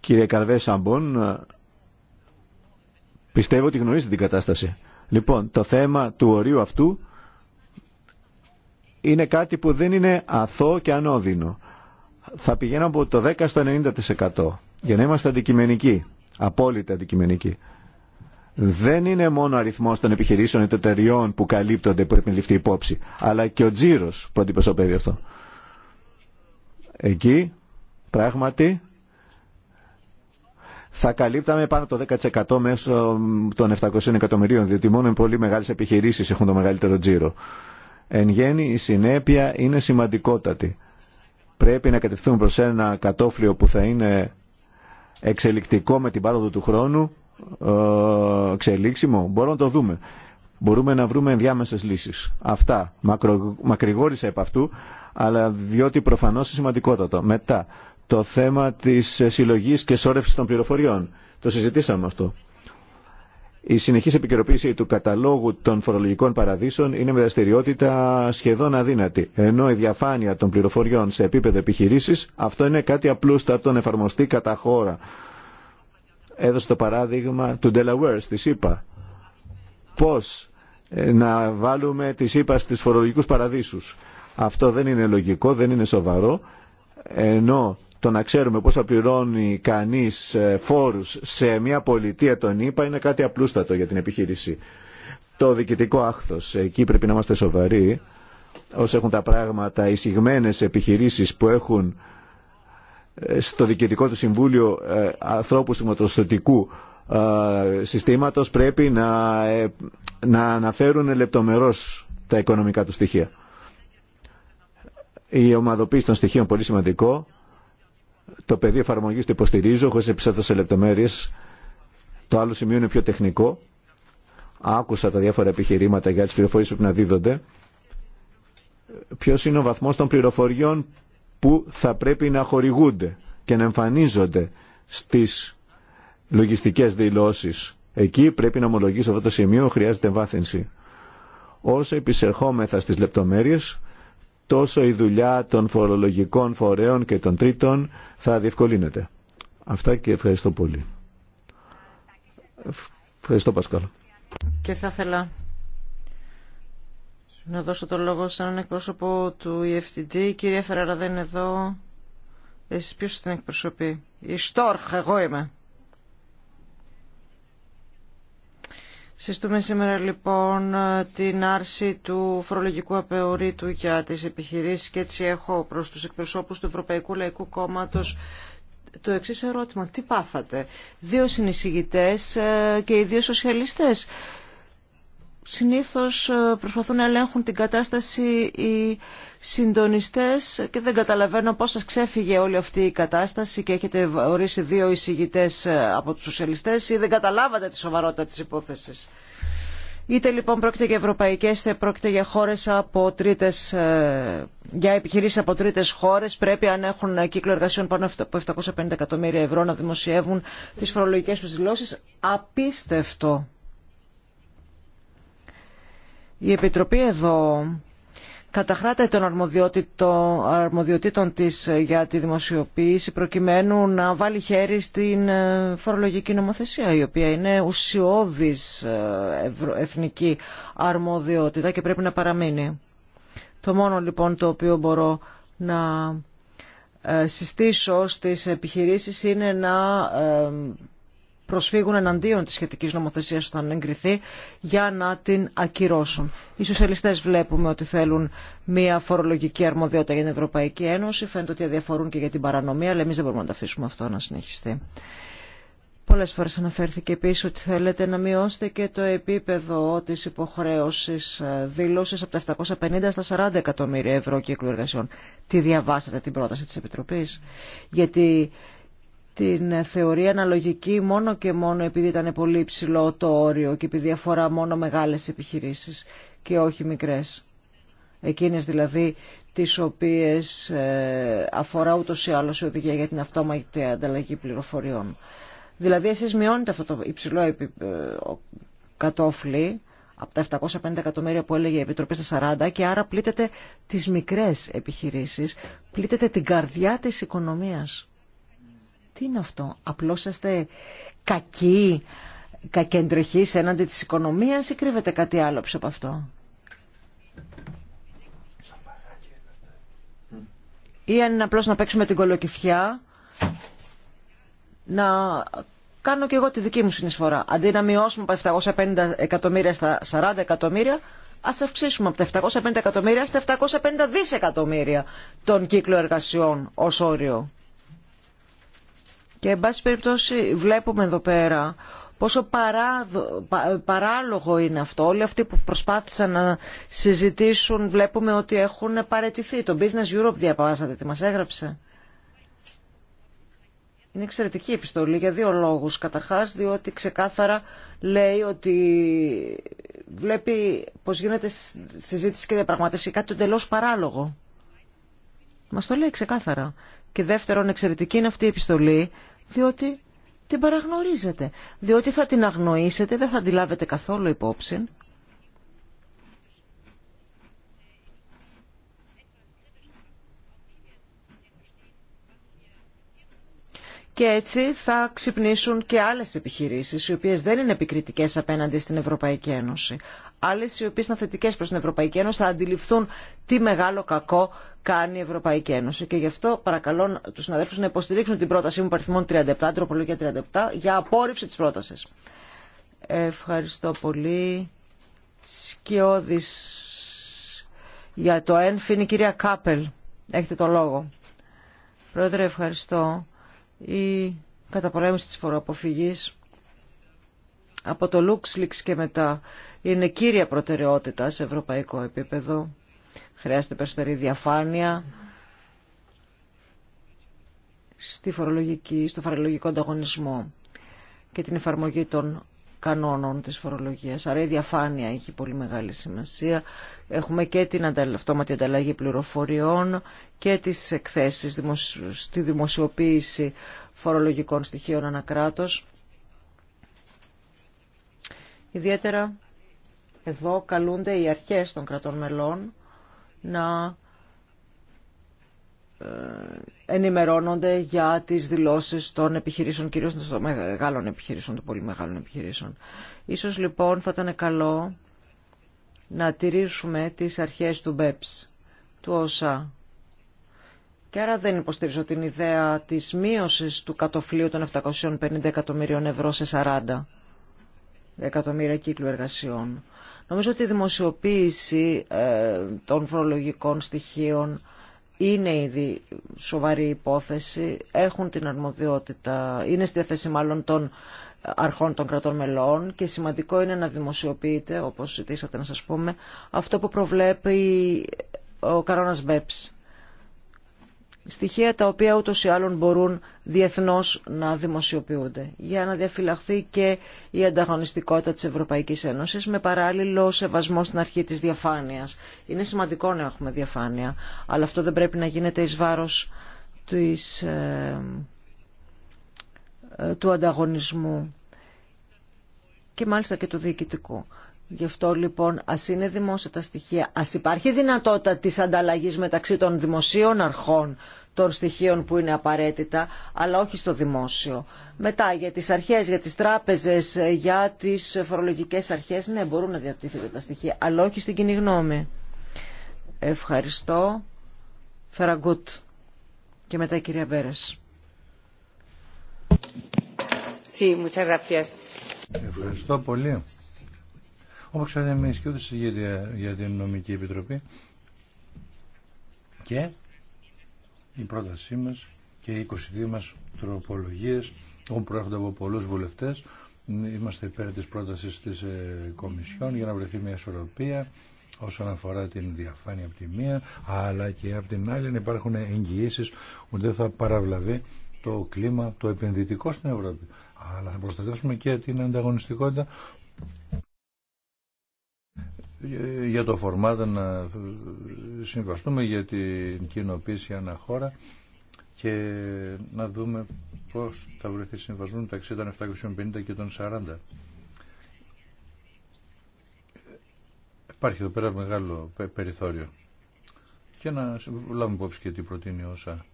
Κύριε Καλβέ Σαμπον, ε, πιστεύω ότι γνωρίζετε την κατάσταση. Λοιπόν, το θέμα του ορίου αυτού είναι κάτι που δεν είναι αθώο και ανώδυνο. Θα πηγαίνω από το 10% στο 90% για να είμαστε αντικειμενικοί, απόλυτα αντικειμενικοί. Δεν είναι μόνο ο αριθμό των επιχειρήσεων ή των εταιριών που καλύπτονται που πρέπει να ληφθεί υπόψη, αλλά και ο τζίρο που αντιπροσωπεύει αυτό. Εκεί πράγματι θα καλύπταμε πάνω το 10% μέσω των 700 εκατομμυρίων, διότι μόνο οι πολύ μεγάλε επιχειρήσει έχουν το μεγαλύτερο τζίρο. Εν γέννη η συνέπεια είναι σημαντικότατη. Πρέπει να κατευθύνουμε προς ένα κατόφλιο που θα είναι εξελικτικό με την πάροδο του χρόνου, ε, εξελίξιμο, μπορούμε να το δούμε. Μπορούμε να βρούμε ενδιάμεσες λύσεις. Αυτά. Μακρο, μακρηγόρησα επ' αυτού, αλλά διότι προφανώς είναι σημαντικότατο. Μετά, το θέμα της συλλογής και σώρευσης των πληροφοριών. Το συζητήσαμε αυτό. Η συνεχής επικαιροποίηση του καταλόγου των φορολογικών παραδείσων είναι με δραστηριότητα σχεδόν αδύνατη, ενώ η διαφάνεια των πληροφοριών σε επίπεδο επιχειρήσεις αυτό είναι κάτι απλούστατο να εφαρμοστεί κατά χώρα. Έδωσε το παράδειγμα του Delaware στη ΣΥΠΑ. Πώς ε, να βάλουμε τη ΣΥΠΑ στις φορολογικούς παραδείσους. Αυτό δεν είναι λογικό, δεν είναι σοβαρό, ενώ το να ξέρουμε πόσα πληρώνει κανείς ε, φόρους σε μια πολιτεία των ΗΠΑ είναι κάτι απλούστατο για την επιχείρηση. Το διοικητικό άχθος, εκεί πρέπει να είμαστε σοβαροί, όσο έχουν τα πράγματα, οι συγμένες επιχειρήσεις που έχουν ε, στο διοικητικό του συμβούλιο ε, ανθρώπου του συστήματος πρέπει να, να αναφέρουν λεπτομερώς τα οικονομικά του στοιχεία. Η ομαδοποίηση των στοιχείων πολύ σημαντικό. Το πεδίο εφαρμογή το υποστηρίζω, χωρί επιστρέφω σε λεπτομέρειε. Το άλλο σημείο είναι πιο τεχνικό. Άκουσα τα διάφορα επιχειρήματα για τι πληροφορίε που να δίδονται. Ποιο είναι ο βαθμό των πληροφοριών που θα πρέπει να χορηγούνται και να εμφανίζονται στι λογιστικέ δηλώσει. Εκεί πρέπει να ομολογήσω αυτό το σημείο, χρειάζεται βάθυνση Όσο επισερχόμεθα στι λεπτομέρειε, τόσο η δουλειά των φορολογικών φορέων και των τρίτων θα διευκολύνεται. Αυτά και ευχαριστώ πολύ. Ευχαριστώ Πασκάλ. Και θα ήθελα να δώσω το λόγο σε έναν εκπρόσωπο του EFTD. Η κυρία Φεράρα δεν είναι εδώ. Εσείς ποιος την εκπροσωπεί. Η Στόρχ, εγώ είμαι. Συστούμε σήμερα λοιπόν την άρση του φορολογικού απεωρήτου για τις επιχειρήσεις και έτσι έχω προς τους εκπροσώπους του Ευρωπαϊκού Λαϊκού Κόμματος το εξή ερώτημα. Τι πάθατε. Δύο συνεισηγητές ε, και οι δύο σοσιαλιστές συνήθως ε, προσπαθούν να ελέγχουν την κατάσταση οι συντονιστές και δεν καταλαβαίνω πώς σας ξέφυγε όλη αυτή η κατάσταση και έχετε ορίσει δύο εισηγητές ε, από τους σοσιαλιστές ή δεν καταλάβατε τη σοβαρότητα της υπόθεσης. Είτε λοιπόν πρόκειται για ευρωπαϊκές, είτε πρόκειται για, από τρίτες, ε, για επιχειρήσεις από τρίτες χώρες, πρέπει αν έχουν κύκλο εργασιών πάνω από 750 εκατομμύρια ευρώ να δημοσιεύουν τις φορολογικές τους δηλώσεις. Απίστευτο η Επιτροπή εδώ καταχράται των αρμοδιοτήτων της για τη δημοσιοποίηση προκειμένου να βάλει χέρι στην ε, φορολογική νομοθεσία η οποία είναι ουσιώδης ε, εθνική αρμοδιότητα και πρέπει να παραμείνει. Το μόνο λοιπόν το οποίο μπορώ να ε, συστήσω στις επιχειρήσεις είναι να προσφύγουν εναντίον της σχετικής νομοθεσίας όταν εγκριθεί για να την ακυρώσουν. Οι σοσιαλιστές βλέπουμε ότι θέλουν μια φορολογική αρμοδιότητα για την Ευρωπαϊκή Ένωση. Φαίνεται ότι αδιαφορούν και για την παρανομία, αλλά εμείς δεν μπορούμε να τα αφήσουμε αυτό να συνεχιστεί. Πολλές φορές αναφέρθηκε επίσης ότι θέλετε να μειώσετε και το επίπεδο της υποχρέωσης ε, δήλωσης από τα 750 στα 40 εκατομμύρια ευρώ κύκλου εργασιών. Τι διαβάσατε την πρόταση της Επιτροπής. Γιατί την θεωρία αναλογική μόνο και μόνο επειδή ήταν πολύ υψηλό το όριο και επειδή αφορά μόνο μεγάλες επιχειρήσεις και όχι μικρές. Εκείνες δηλαδή τις οποίες ε, αφορά ούτως ή άλλως η οδηγία για την αυτόματη ανταλλαγή πληροφοριών. Δηλαδή εσείς μειώνετε αυτό το υψηλό ε, κατόφλι από τα 750 εκατομμύρια που έλεγε η Επιτροπή στα 40 και άρα πλήτεται τις μικρές επιχειρήσεις, πλήτεται την καρδιά της οικονομίας. Τι είναι αυτό, απλώς είστε κακοί, κακεντρεχείς έναντι της οικονομίας ή κρύβεται κάτι άλλο πίσω από αυτό. Ή αν είναι απλώς να παίξουμε την κολοκυθιά, να κάνω και εγώ τη δική μου συνεισφορά. Αντί να μειώσουμε από 750 εκατομμύρια στα 40 εκατομμύρια, ας αυξήσουμε από τα 750 εκατομμύρια στα 750 δισεκατομμύρια τον κύκλο εργασιών ω όριο. Και εν πάση περιπτώσει βλέπουμε εδώ πέρα πόσο παράλογο είναι αυτό. Όλοι αυτοί που προσπάθησαν να συζητήσουν βλέπουμε ότι έχουν παρετηθεί. Το Business Europe διαβάσατε τι μας έγραψε. Είναι εξαιρετική επιστολή για δύο λόγους. Καταρχάς διότι ξεκάθαρα λέει ότι βλέπει πως γίνεται συζήτηση και διαπραγματεύση κάτι το τελώς παράλογο. Μας το λέει ξεκάθαρα. Και δεύτερον, εξαιρετική είναι αυτή η επιστολή, διότι την παραγνωρίζετε. Διότι θα την αγνοήσετε, δεν θα την λάβετε καθόλου υπόψη και έτσι θα ξυπνήσουν και άλλες επιχειρήσεις οι οποίες δεν είναι επικριτικές απέναντι στην Ευρωπαϊκή Ένωση. Άλλες οι οποίες είναι θετικές προς την Ευρωπαϊκή Ένωση θα αντιληφθούν τι μεγάλο κακό κάνει η Ευρωπαϊκή Ένωση. Και γι' αυτό παρακαλώ τους συναδέλφους να υποστηρίξουν την πρότασή μου παριθμών 37, τροπολογία 37, για απόρριψη της πρότασης. Ευχαριστώ πολύ. Σκιώδης για το ΕΝΦ είναι η κυρία Κάπελ. Έχετε το λόγο. Πρόεδρε, ευχαριστώ η καταπολέμηση της φοροαποφυγής από το LuxLeaks και μετά είναι κύρια προτεραιότητα σε ευρωπαϊκό επίπεδο. Χρειάζεται περισσότερη διαφάνεια στη φορολογική, στο φορολογικό ανταγωνισμό και την εφαρμογή των κανόνων της φορολογίας. Άρα η διαφάνεια έχει πολύ μεγάλη σημασία. Έχουμε και την αυτόματη ανταλλαγή πληροφοριών και τις εκθέσεις στη δημοσιοποίηση φορολογικών στοιχείων ανακράτος. Ιδιαίτερα εδώ καλούνται οι αρχές των κρατών μελών να ενημερώνονται για τις δηλώσεις των επιχειρήσεων, κυρίως των μεγάλων επιχειρήσεων, των πολύ μεγάλων επιχειρήσεων. Ίσως λοιπόν θα ήταν καλό να τηρήσουμε τις αρχές του BEPS, του ΩΣΑ. Και άρα δεν υποστηρίζω την ιδέα της μείωσης του κατοφλίου των 750 εκατομμυρίων ευρώ σε 40 εκατομμύρια κύκλου εργασιών. Νομίζω ότι η δημοσιοποίηση ε, των φορολογικών στοιχείων είναι ήδη σοβαρή υπόθεση, έχουν την αρμοδιότητα, είναι στη διαθέση μάλλον των αρχών των κρατών μελών και σημαντικό είναι να δημοσιοποιείται, όπως ζητήσατε να σας πούμε, αυτό που προβλέπει ο κανόνας μπέπς στοιχεία τα οποία ούτως ή άλλων μπορούν διεθνώς να δημοσιοποιούνται για να διαφυλαχθεί και η ανταγωνιστικότητα της Ευρωπαϊκής Ένωσης με παράλληλο σεβασμό στην αρχή της διαφάνειας. Είναι σημαντικό να έχουμε διαφάνεια, αλλά αυτό δεν πρέπει να γίνεται εις βάρος ε, ε, του ανταγωνισμού και μάλιστα και του διοικητικού. Γι' αυτό λοιπόν ας είναι δημόσια τα στοιχεία, ας υπάρχει δυνατότητα της ανταλλαγής μεταξύ των δημοσίων αρχών των στοιχείων που είναι απαραίτητα, αλλά όχι στο δημόσιο. Μετά για τις αρχές, για τις τράπεζες, για τις φορολογικές αρχές, ναι μπορούν να διατίθεται τα στοιχεία, αλλά όχι στην κοινή γνώμη. Ευχαριστώ. Φεραγκούτ. Και μετά η κυρία Μπέρες. Ευχαριστώ πολύ. Όπω ξέρετε εμεί και ούτε για, για την νομική επιτροπή και η πρότασή μα και οι 22 μα τροπολογίες όπου προέρχονται από πολλού βουλευτέ. είμαστε υπέρ τη πρόταση τη ε, Κομισιόν για να βρεθεί μια ισορροπία όσον αφορά την διαφάνεια από τη μία αλλά και από την άλλη να υπάρχουν εγγυήσει ότι δεν θα παραβλαβεί το κλίμα το επενδυτικό στην Ευρώπη αλλά θα προστατεύσουμε και την ανταγωνιστικότητα για το φορμάτα να συμβαστούμε για την κοινοποίηση αναχώρα και να δούμε πώς θα βρεθεί συμβασμό μεταξύ των 750 και των 40. Υπάρχει εδώ πέρα μεγάλο περιθώριο. Και να λάβουμε υπόψη και τι προτείνει όσα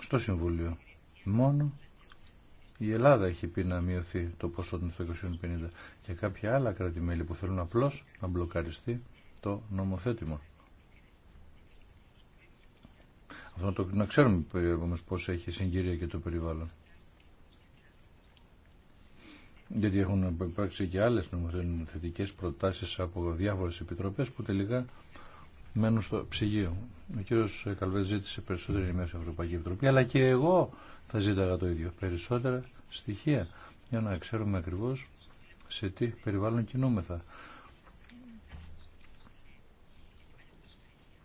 στο Συμβούλιο. Μόνο η Ελλάδα έχει πει να μειωθεί το ποσό των 250 και κάποια άλλα που θέλουν απλώς να μπλοκαριστεί το νομοθέτημα. Αυτό το, να ξέρουμε όμως ε, πώς έχει συγκυρία και το περιβάλλον. Γιατί έχουν υπάρξει και άλλες νομοθετικές προτάσεις από διάφορες επιτροπές που τελικά μένουν στο ψυγείο. Ο κύριο Καλβέ ζήτησε περισσότερη ενημέρωση την Ευρωπαϊκή Επιτροπή, αλλά και εγώ θα ζήταγα το ίδιο. Περισσότερα στοιχεία για να ξέρουμε ακριβώς σε τι περιβάλλον κινούμεθα.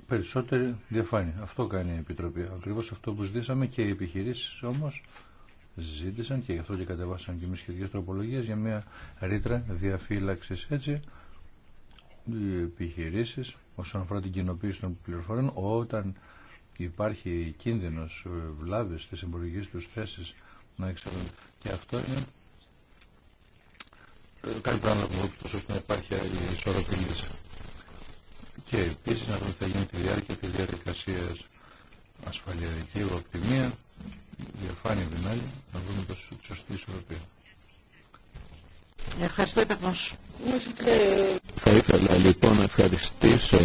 Περισσότερη διαφάνεια. Αυτό κάνει η Επιτροπή. Ακριβώ αυτό που ζητήσαμε και οι επιχειρήσει όμως ζήτησαν και γι' αυτό και κατεβάσαν και εμείς δύο τροπολογίε για μια ρήτρα διαφύλαξη Έτσι οι επιχειρήσεις όσον αφορά την κοινοποίηση των πληροφοριών όταν υπάρχει κίνδυνος ε, βλάβης της εμπορικής τους θέσης να εξαρτούν. Και αυτό είναι ε, κάτι πράγματα που τόσο ώστε να υπάρχει ισορροπή Και επίσης να δούμε θα γίνει τη διάρκεια της διαδικασίας ασφαλιαρική από μία, διαφάνεια την να δούμε το σωστή ισορροπή. Ευχαριστώ, Υπερβός. Θα ήθελα λοιπόν να ευχαριστήσω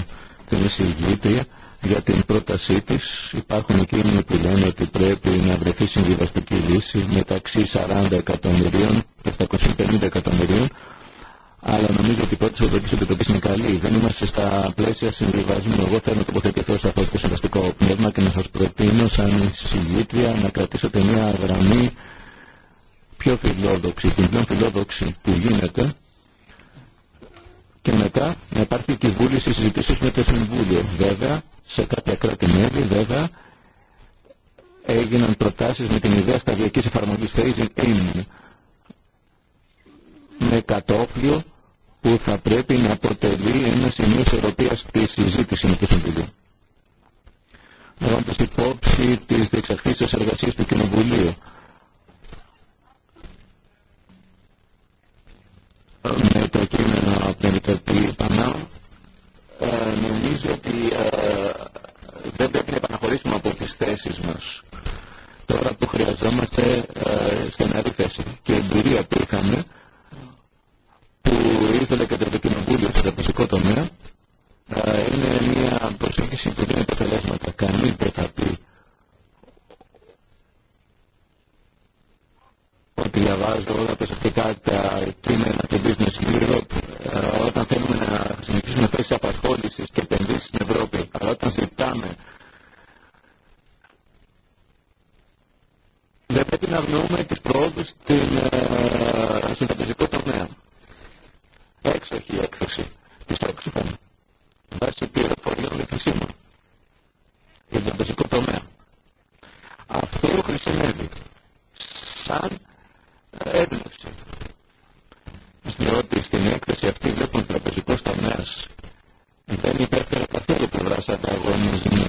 την εισηγήτρια για την πρότασή της. Υπάρχουν εκείνοι που λένε ότι πρέπει να βρεθεί συμβιβαστική λύση μεταξύ 40 εκατομμυρίων και 750 εκατομμυρίων. Αλλά νομίζω ότι η πρώτη Ευρωπαϊκή Επιτροπή είναι καλή. Δεν είμαστε στα πλαίσια συμβιβασμού. Εγώ θέλω να τοποθετηθώ σε αυτό το συμβαστικό πνεύμα και να σα προτείνω σαν εισηγήτρια να κρατήσετε μια γραμμή πιο φιλόδοξη, την πιο φιλόδοξη που γίνεται και μετά να υπάρχει και η βούληση συζητήσεις με το Συμβούλιο. Βέβαια, σε κάποια κράτη-μέλη, βέβαια, έγιναν προτάσεις με την ιδέα σταδιακής εφαρμογής phasing in με κατόφλιο που θα πρέπει να αποτελεί ένα σημείο ισορροπίας στη συζήτηση με το Συμβούλιο. Λαμβάνοντας υπόψη τις διεξαχθήσεις εργασίας του Κοινοβουλίου με το κείμενο από την Επιτροπή Πανά. Ε, νομίζω ότι ε, δεν πρέπει να επαναχωρήσουμε από τις θέσεις μας. Τώρα που χρειαζόμαστε ε, στεναρή θέση και εμπειρία που είχαμε, που ήθελε και το Κοινοβούλιο στο φυσικό τομέα, είναι μια προσέγγιση που δίνει αποτελέσματα. Κανεί δεν θα πει ότι διαβάζω όλα προσεκτικά τα κείμενα του Business Europe ε, όταν θέλουμε να συνεχίσουμε θέσει απασχόληση και επενδύσει στην Ευρώπη. Αλλά όταν ζητάμε δεν πρέπει να βγούμε τι προόδου στην, ε, στον τομέα. Έξοχη η έκθεση της Oxfam βάσει πληροφοριών επισήμων για τον τομέα. Αυτό χρησιμεύει σαν έλλειψη. Διότι στην έκθεση αυτή βλέπουν τραπεζικό τομέα δεν υπέφερε καθόλου πλευρά ανταγωνισμού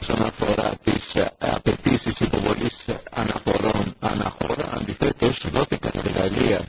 όσον αφορά τι ε, απαιτήσει υποβολή αναφορών αναχώρα. Αντιθέτω, δόθηκαν εργαλεία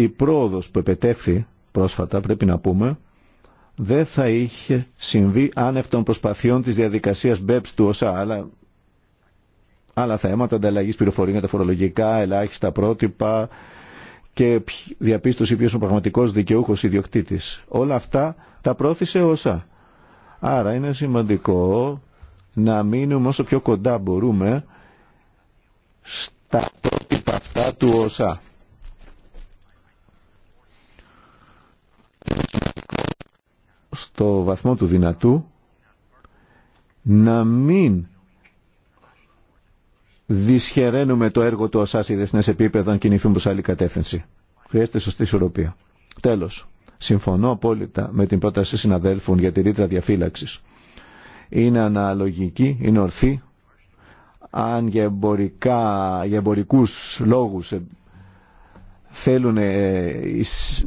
η πρόοδος που επετέφθη πρόσφατα, πρέπει να πούμε, δεν θα είχε συμβεί άνευ των προσπαθειών της διαδικασίας BEPS ε του ΟΣΑ, αλλά άλλα θέματα, ανταλλαγή πληροφορία για τα φορολογικά, ελάχιστα πρότυπα και διαπίστωση ποιο είναι ο πραγματικό δικαιούχο ιδιοκτήτη. Όλα αυτά τα πρόθεσε όσα. Άρα είναι σημαντικό να μείνουμε όσο πιο κοντά μπορούμε στα πρότυπα αυτά του ΩΣΑ. το βαθμό του δυνατού να μην δυσχεραίνουμε το έργο του ΟΣΑ σε διεθνέ επίπεδο αν κινηθούν προ άλλη κατεύθυνση. Χρειάζεται σωστή ισορροπία. Τέλο, συμφωνώ απόλυτα με την πρόταση συναδέλφων για τη ρήτρα διαφύλαξη. Είναι αναλογική, είναι ορθή, αν για, εμπορικά, για εμπορικούς λόγους θέλουν ε,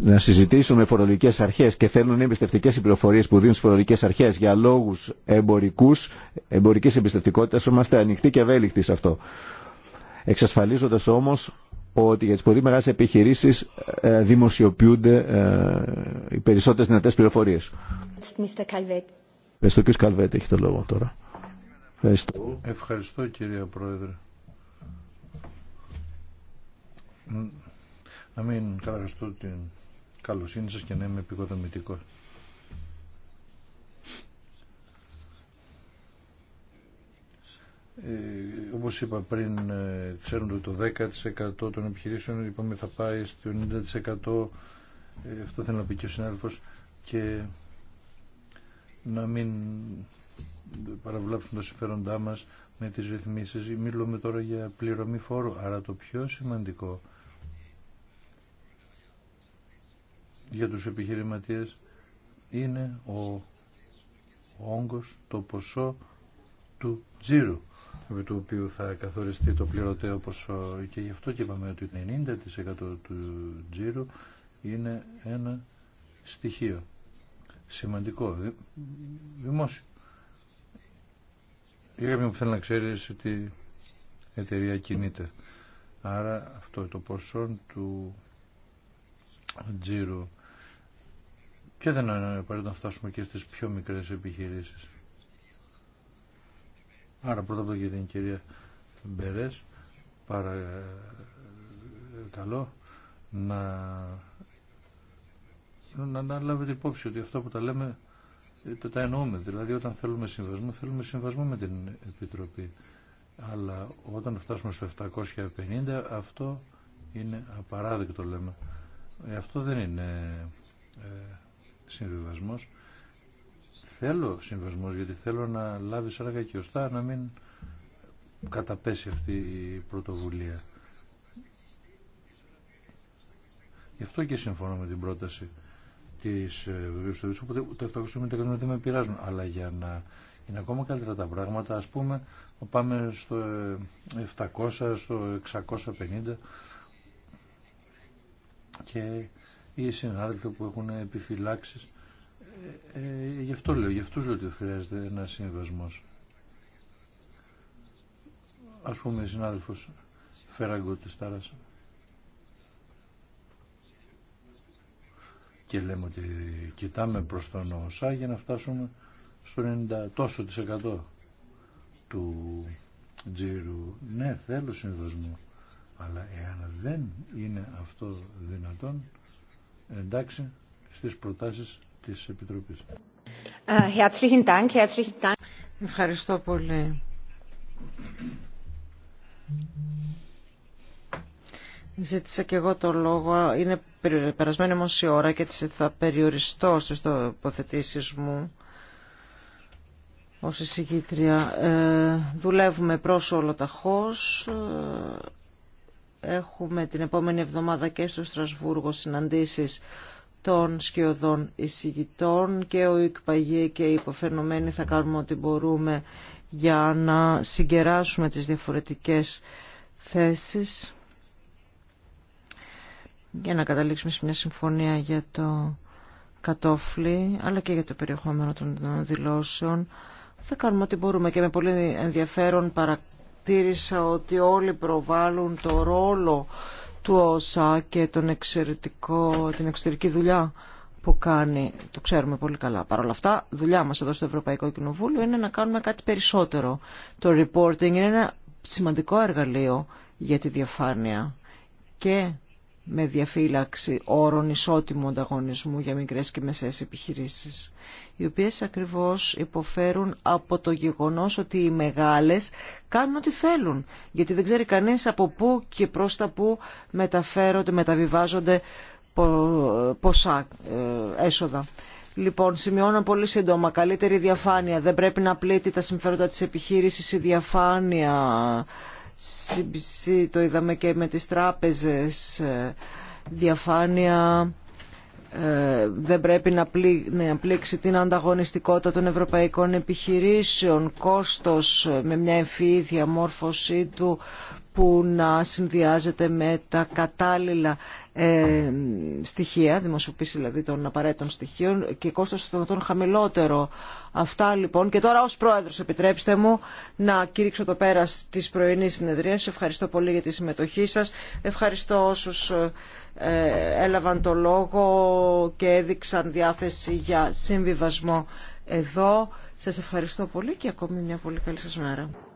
να συζητήσουν με φορολογικέ αρχές και θέλουν εμπιστευτικέ πληροφορίε που δίνουν στι φορολογικέ αρχές για λόγους εμπορικούς, εμπορικής εμπιστευτικότητας, είμαστε ανοιχτοί και ευέλικτοι σε αυτό. Εξασφαλίζοντα όμως ότι για τις πολύ μεγάλες επιχειρήσεις ε, δημοσιοποιούνται ε, οι περισσότερες δυνατές πληροφορίε. Ευχαριστώ κ. Καλβέτη, έχει το λόγο τώρα. Ευχαριστώ. Ευχαριστώ κυρία Πρόεδρε να μην καταγραστώ την καλοσύνη σας και να είμαι επικοδομητικό. Ε, όπως είπα πριν, ε, ξέρουν ότι το 10% των επιχειρήσεων είπαμε θα πάει στο 90% ε, αυτό θέλω να πει και ο συνάδελφος και να μην παραβλάψουν τα συμφέροντά μας με τις ρυθμίσεις. Μιλούμε τώρα για πληρωμή φόρου, άρα το πιο σημαντικό για τους επιχειρηματίες είναι ο όγκος, το ποσό του τζίρου με το οποίου θα καθοριστεί το πληρωτέο ποσό και γι' αυτό και είπαμε ότι 90% του τζίρου είναι ένα στοιχείο σημαντικό, δημόσιο. Για κάποιον που θέλει να ξέρει ότι η εταιρεία κινείται. Άρα αυτό το ποσό του τζίρου και δεν απαραίτητο να φτάσουμε και στις πιο μικρές επιχειρήσεις. Άρα πρώτα απ' το για την κυρία Μπερές, παρακαλώ να, να, να λάβετε υπόψη ότι αυτό που τα λέμε ε, το τα εννοούμε. Δηλαδή όταν θέλουμε συμβασμό, θέλουμε συμβασμό με την Επιτροπή. Αλλά όταν φτάσουμε στο 750 αυτό είναι απαράδεκτο λέμε. Ε, αυτό δεν είναι... Ε, συμβιβασμός. Θέλω συμβιβασμός γιατί θέλω να λάβει σάρκα και ωστά να μην καταπέσει αυτή η πρωτοβουλία. Γι' αυτό και συμφωνώ με την πρόταση της ε, του οπότε το 750 δεν με πειράζουν. Αλλά για να είναι ακόμα καλύτερα τα πράγματα, ας πούμε, πάμε στο 700, ε, στο 650 και ή συνάδελφοι που έχουν επιφυλάξει ε, ε, γι' αυτό λέω, γι' αυτούς λέω ότι χρειάζεται ένα συμβασμό. Ας πούμε, συνάδελφο Φεραγκό της Τάρας. Και λέμε ότι κοιτάμε προς τον ΩΣΑ για να φτάσουμε στο 90 τόσο του τζίρου. Ναι, θέλω συμβασμό. Αλλά εάν δεν είναι αυτό δυνατόν, εντάξει στις προτάσεις της Επιτροπής. Ε, Ευχαριστώ πολύ. Ζήτησα και εγώ το λόγο. Είναι περασμένη όμως η ώρα και θα περιοριστώ στις τοποθετήσεις μου ως εισηγήτρια. Ε, δουλεύουμε προς όλο ταχώς. Ε, έχουμε την επόμενη εβδομάδα και στο Στρασβούργο συναντήσεις των σκιωδών εισηγητών και ο ΙΚΠΑΓΙΕ και οι υποφαινομένοι θα κάνουμε ό,τι μπορούμε για να συγκεράσουμε τις διαφορετικές θέσεις για να καταλήξουμε σε μια συμφωνία για το κατόφλι αλλά και για το περιεχόμενο των δηλώσεων. Θα κάνουμε ό,τι μπορούμε και με πολύ ενδιαφέρον παρακολουθούμε παρατήρησα ότι όλοι προβάλλουν το ρόλο του ΩΣΑ και τον εξαιρετικό, την εξωτερική δουλειά που κάνει, το ξέρουμε πολύ καλά. Παρ' όλα αυτά, δουλειά μας εδώ στο Ευρωπαϊκό Κοινοβούλιο είναι να κάνουμε κάτι περισσότερο. Το reporting είναι ένα σημαντικό εργαλείο για τη διαφάνεια και με διαφύλαξη όρων ισότιμου ανταγωνισμού για μικρές και μεσαίες επιχειρήσεις, οι οποίες ακριβώς υποφέρουν από το γεγονός ότι οι μεγάλες κάνουν ό,τι θέλουν, γιατί δεν ξέρει κανείς από πού και προς τα πού μεταφέρονται, μεταβιβάζονται ποσά ε, έσοδα. Λοιπόν, σημειώνω πολύ σύντομα. Καλύτερη διαφάνεια. Δεν πρέπει να πλήττει τα συμφέροντα της επιχείρησης η διαφάνεια το είδαμε και με τις τράπεζες, ε, διαφάνεια, ε, δεν πρέπει να, πλή, να πλήξει την ανταγωνιστικότητα των ευρωπαϊκών επιχειρήσεων, κόστος ε, με μια εμφυή διαμόρφωσή του που να συνδυάζεται με τα κατάλληλα ε, στοιχεία, δημοσιοποίηση δηλαδή των απαραίτητων στοιχείων και κόστος των χαμηλότερο. Αυτά λοιπόν. Και τώρα ως Πρόεδρος επιτρέψτε μου να κήρυξω το πέρας της πρωινής συνεδρίας. Ευχαριστώ πολύ για τη συμμετοχή σας. Ευχαριστώ όσους ε, έλαβαν το λόγο και έδειξαν διάθεση για συμβιβασμό εδώ. Σας ευχαριστώ πολύ και ακόμη μια πολύ καλή σας μέρα.